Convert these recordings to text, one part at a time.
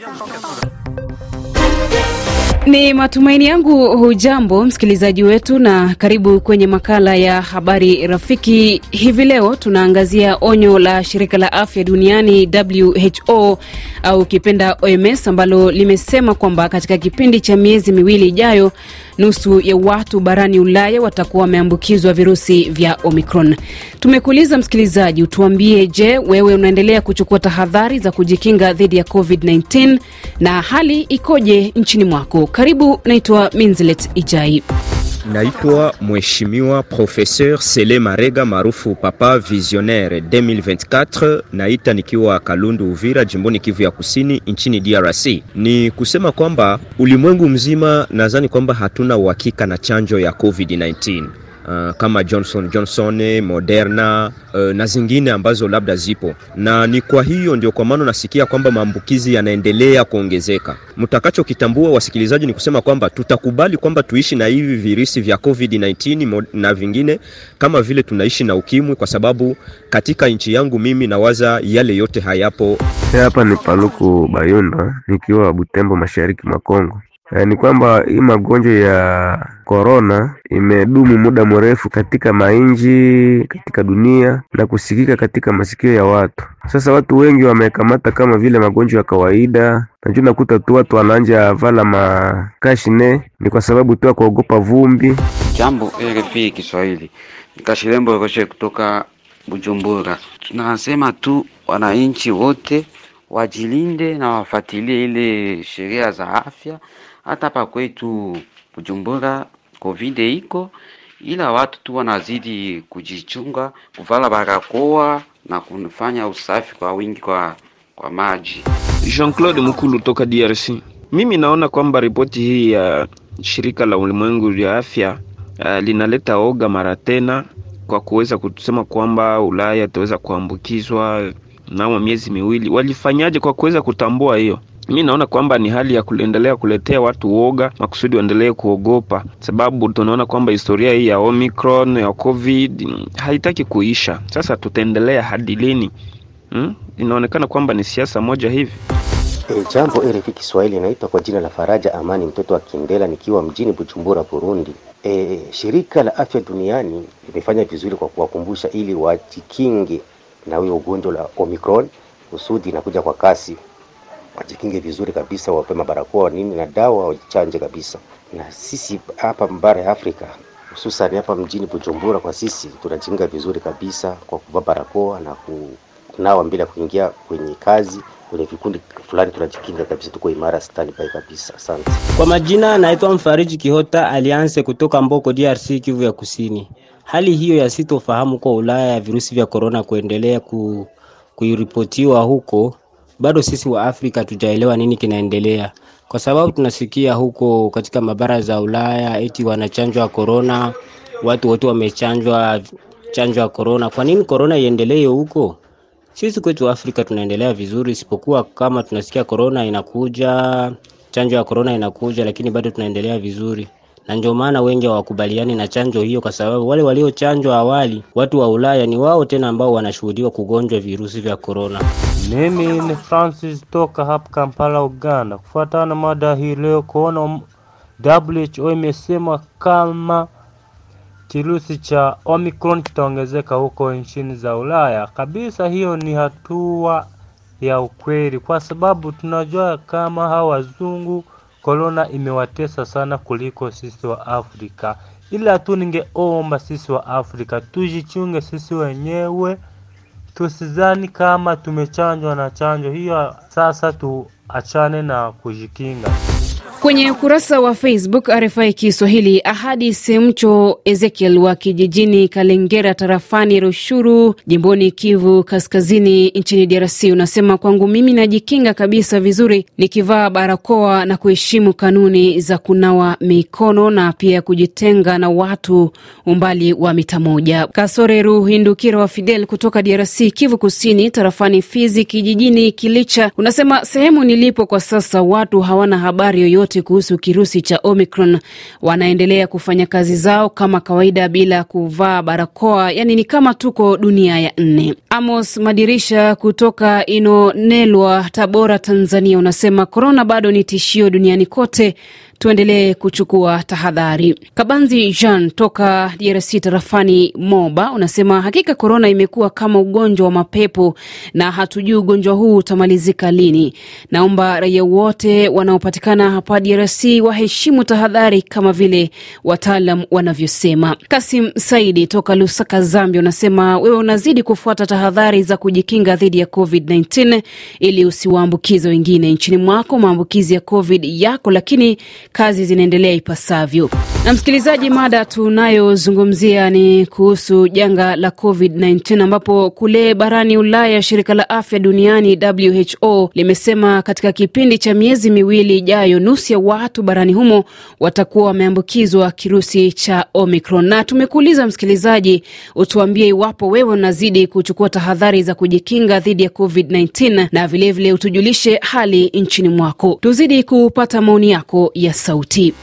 战斗。Ni matumaini yangu hujambo msikilizaji wetu, na karibu kwenye makala ya habari rafiki. Hivi leo tunaangazia onyo la shirika la afya duniani WHO au kipenda OMS ambalo limesema kwamba katika kipindi cha miezi miwili ijayo nusu ya watu barani Ulaya watakuwa wameambukizwa virusi vya Omicron. Tumekuuliza msikilizaji, utuambie, je, wewe unaendelea kuchukua tahadhari za kujikinga dhidi ya COVID-19 na hali ikoje nchini mwako? Karibu, naitwa minzlet Ijai. Naitwa mweshimiwa profeseur Sele Marega maarufu Papa Visionnaire 2024 naita nikiwa Kalundu Uvira jimboni Kivu ya Kusini nchini DRC. Ni kusema kwamba ulimwengu mzima nadhani kwamba hatuna uhakika na chanjo ya COVID-19 uh, kama Johnson Johnson, Moderna uh, na zingine ambazo labda zipo, na ni kwa hiyo ndio kwa maana nasikia kwamba maambukizi yanaendelea kuongezeka. Mtakachokitambua wasikilizaji, ni kusema kwamba tutakubali kwamba tuishi na hivi virusi vya COVID-19 na vingine kama vile tunaishi na ukimwi, kwa sababu katika nchi yangu mimi nawaza yale yote hayapo. Hapa ni Paluku Bayonda nikiwa Butembo, mashariki mwa Kongo. Eh, ni kwamba hii magonjwa ya korona imedumu muda mrefu katika mainji katika dunia na kusikika katika masikio ya watu. Sasa watu wengi wamekamata kama vile magonjwa ya kawaida, najua nakuta tu watu wananja vala makashine ni kwa sababu tu kuogopa vumbi. Jambo RFI Kiswahili, Kashilembo Roshe kutoka Bujumbura. Tunasema tu wananchi wote wajilinde na wafuatilie ile sheria za afya hata pa kwetu Bujumbura COVID iko ila watu tu wanazidi kujichunga, kuvala barakoa na kufanya usafi kwa wingi kwa, kwa maji. Jean-Claude Mukulu toka DRC. Mimi naona kwamba ripoti hii ya shirika la ulimwengu ya afya uh, linaleta oga mara tena kwa kuweza kusema kwamba Ulaya itaweza kuambukizwa nao miezi miwili. Walifanyaje kwa kuweza kutambua hiyo? mi naona kwamba ni hali ya kuendelea kuletea watu uoga makusudi waendelee kuogopa, sababu tunaona kwamba historia hii ya Omicron ya COVID mm, haitaki kuisha. Sasa tutaendelea hadi lini? Hmm? Inaonekana kwamba ni siasa moja hivi. E, jambo RFI Kiswahili inaitwa kwa jina la Faraja Amani mtoto wa Kindela nikiwa mjini Bujumbura, Burundi. E, shirika la afya duniani limefanya vizuri kwa kuwakumbusha ili wajikinge na huyo ugonjwa la Omicron kusudi inakuja kwa kasi wajikinge vizuri kabisa, wape mabarakoa nini na dawa, wajichanje kabisa. Na sisi hapa mbare Afrika hususan hapa mjini Bujumbura, kwa sisi tunajikinga vizuri kabisa kwa kuvaa barakoa na kunawa mbele ya kuingia kwenye kazi kwenye vikundi fulani tunajikinga kabisa, tuko imara standby kabisa. Asante. Kwa majina naitwa Mfariji Kihota Alianse kutoka Mboko, DRC, Kivu ya Kusini. Hali hiyo ya sitofahamu kwa Ulaya ya virusi vya korona kuendelea ku, kuiripotiwa huko bado sisi wa Afrika tujaelewa nini kinaendelea, kwa sababu tunasikia huko katika mabara za Ulaya eti wanachanjwa korona, watu wote wamechanjwa chanjo ya korona. Kwa nini korona iendelee huko? Sisi kwetu Afrika tunaendelea vizuri, isipokuwa kama tunasikia korona inakuja, chanjo ya korona inakuja, lakini bado tunaendelea vizuri na ndio maana wengi hawakubaliani na chanjo hiyo, kwa sababu wale waliochanjwa awali, watu wa Ulaya, ni wao tena ambao wanashuhudiwa kugonjwa virusi vya korona. Mimi ni Francis toka hapa Kampala, Uganda. Kufuatana na mada hii leo, kuona WHO imesema kama kirusi cha Omicron kitaongezeka huko nchini za Ulaya kabisa. Hiyo ni hatua ya ukweli, kwa sababu tunajua kama hawa wazungu Korona imewatesa sana kuliko sisi wa Afrika, ila tu ningeomba sisi wa Afrika tujichunge sisi wenyewe, tusizani kama tumechanjwa na chanjo hiyo. Sasa tuachane na kujikinga. Kwenye ukurasa wa Facebook RFI Kiswahili, Ahadi Semcho Ezekiel wa kijijini Kalengera tarafani Rushuru jimboni Kivu Kaskazini nchini DRC unasema, kwangu mimi najikinga kabisa vizuri nikivaa barakoa na kuheshimu kanuni za kunawa mikono na pia kujitenga na watu umbali wa mita moja. Kasore Ruhindukira wa Fidel kutoka DRC Kivu Kusini tarafani Fizi kijijini Kilicha unasema, sehemu nilipo kwa sasa watu hawana habari yoyote ripoti kuhusu kirusi cha Omicron wanaendelea kufanya kazi zao kama kawaida bila kuvaa barakoa, yani ni kama tuko dunia ya nne. Amos Madirisha kutoka Inonelwa, Tabora, Tanzania, unasema korona bado ni tishio duniani kote tuendelee kuchukua tahadhari. Kabanzi Jean toka DRC tarafani Moba unasema hakika korona imekuwa kama ugonjwa wa mapepo na hatujui ugonjwa huu utamalizika lini. Naomba raia wote wanaopatikana hapa DRC waheshimu tahadhari kama vile wataalam wanavyosema. Kasim Saidi toka Lusaka, Zambia unasema wewe unazidi kufuata tahadhari za kujikinga dhidi ya COVID-19 ili usiwaambukize wengine nchini mwako maambukizi ya COVID yako, lakini kazi zinaendelea ipasavyo. Na msikilizaji, mada tunayozungumzia ni kuhusu janga la COVID-19 ambapo kule barani Ulaya shirika la afya duniani WHO limesema katika kipindi cha miezi miwili ijayo nusu ya watu barani humo watakuwa wameambukizwa kirusi cha Omicron. Na tumekuuliza msikilizaji, utuambie iwapo wewe unazidi kuchukua tahadhari za kujikinga dhidi ya COVID-19 na vilevile vile utujulishe hali nchini mwako. Tuzidi kupata maoni yako ya sauti.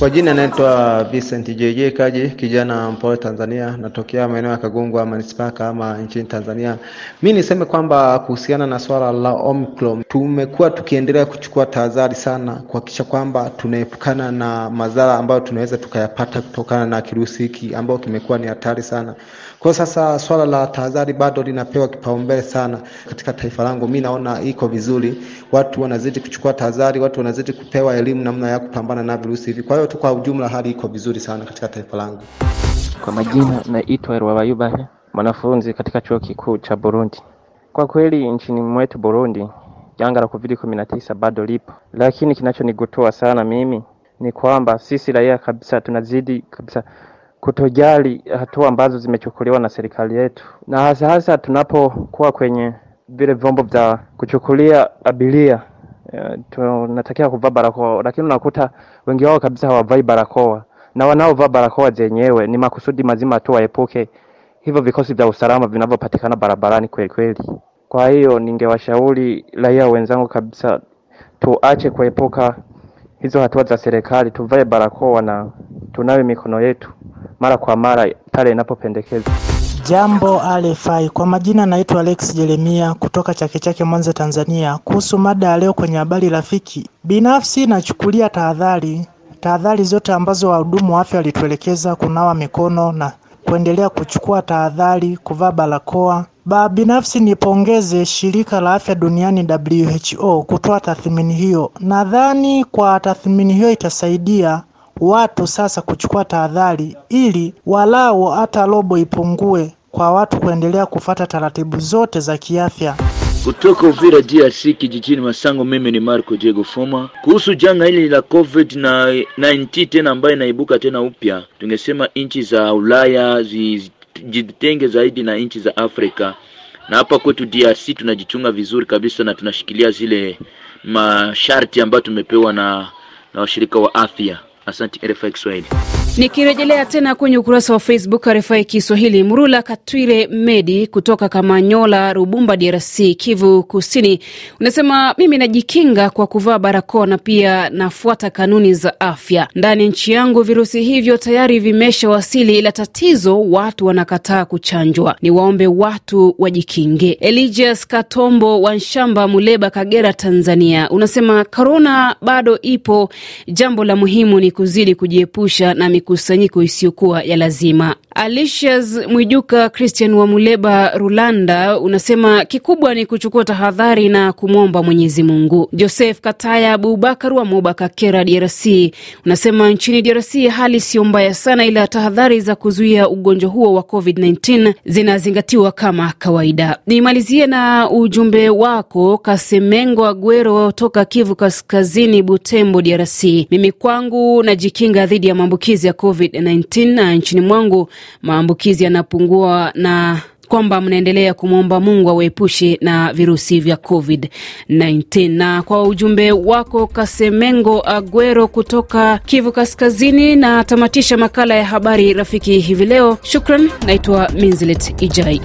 Kwa jina naitwa Vincent JJ Kaji, kijana mpole Tanzania, natokea maeneo ya Kagongwa manispaa kama nchini Tanzania. Mi niseme kwamba kuhusiana na swala la Omicron, tumekuwa tukiendelea kuchukua tahadhari sana kuhakikisha kwamba tunaepukana na madhara ambayo tunaweza tukayapata kutokana na kirusi hiki ambayo kimekuwa ni hatari sana. Kwa sasa swala la tahadhari bado linapewa kipaumbele sana katika taifa langu. Mimi naona iko vizuri, watu wanazidi kuchukua tahadhari, watu wanazidi kupewa elimu namna ya kupambana na virusi hivi. Kwa hiyo tu kwa ujumla hali iko vizuri sana katika taifa langu. Kwa majina naitwa Rwabayubahe, mwanafunzi katika chuo kikuu cha Burundi. Kwa kweli nchini mwetu Burundi janga la Covid 19 bado lipo, lakini kinachonigotoa sana mimi ni kwamba sisi raia kabisa tunazidi kabisa kutojali hatua ambazo zimechukuliwa na serikali yetu, na hasa hasa tunapokuwa kwenye vile vyombo vya kuchukulia abiria eh, tunatakiwa kuvaa barakoa, lakini unakuta wengi wao kabisa hawavai barakoa, na wanaovaa barakoa zenyewe ni makusudi mazima tu waepuke hivyo vikosi vya usalama vinavyopatikana barabarani kweli kweli. Kwa hiyo ningewashauri raia wenzangu kabisa, tuache kuepuka hizo hatua za serikali, tuvae barakoa na tunawe mikono yetu mara kwa mara pale inapopendekezwa. Jambo RFI, kwa majina naitwa Alex Jeremia kutoka Chake Chake Mwanza, Tanzania. Kuhusu mada ya leo kwenye habari rafiki, binafsi nachukulia tahadhari tahadhari zote ambazo wahudumu wa afya walituelekeza, kunawa mikono na kuendelea kuchukua tahadhari, kuvaa barakoa. Ba binafsi nipongeze shirika la afya duniani WHO kutoa tathmini hiyo. Nadhani kwa tathmini hiyo itasaidia watu sasa kuchukua tahadhari ili walao hata robo ipungue kwa watu kuendelea kufata taratibu zote za kiafya. Kutoka Uvira DRC kijijini Masango, mimi ni Marco Diego Foma. Kuhusu janga hili la COVID na 19 tena ambayo inaibuka tena upya, tungesema nchi za Ulaya zijitenge zaidi na nchi za Afrika, na hapa kwetu DRC tunajichunga vizuri kabisa na tunashikilia zile masharti ambayo tumepewa na na washirika wa afya. Asante RFI Kiswahili. Nikirejelea tena kwenye ukurasa wa Facebook RFI Kiswahili, Mrula Katwire Medi kutoka Kamanyola, Rubumba, DRC, Kivu Kusini, unasema mimi najikinga kwa kuvaa barakoa na pia nafuata kanuni za afya. Ndani nchi yangu virusi hivyo tayari vimeshawasili, ila tatizo watu wanakataa kuchanjwa. Ni waombe watu wajikinge. Elijas Katombo wa Nshamba, Muleba, Kagera, Tanzania, unasema korona bado ipo, jambo la muhimu ni kuzidi kujiepusha na mikusanyiko isiyokuwa ya lazima. Alicias Mwijuka Christian wa Muleba Rulanda unasema kikubwa ni kuchukua tahadhari na kumwomba Mwenyezi Mungu. Joseph Kataya Abubakar wa Moba Kakera, DRC unasema nchini DRC hali siyo mbaya sana, ila tahadhari za kuzuia ugonjwa huo wa COVID-19 zinazingatiwa kama kawaida. Nimalizie na ujumbe wako Kasemengo Agwero toka Kivu Kaskazini, Butembo, DRC. Mimi kwangu najikinga dhidi ya maambukizi ya COVID-19 na nchini mwangu maambukizi yanapungua na kwamba mnaendelea kumwomba Mungu awaepushe na virusi vya COVID-19. Na kwa ujumbe wako Kasemengo Agwero kutoka Kivu Kaskazini, na tamatisha makala ya habari rafiki hivi leo. Shukran, naitwa Minzilet Ijai.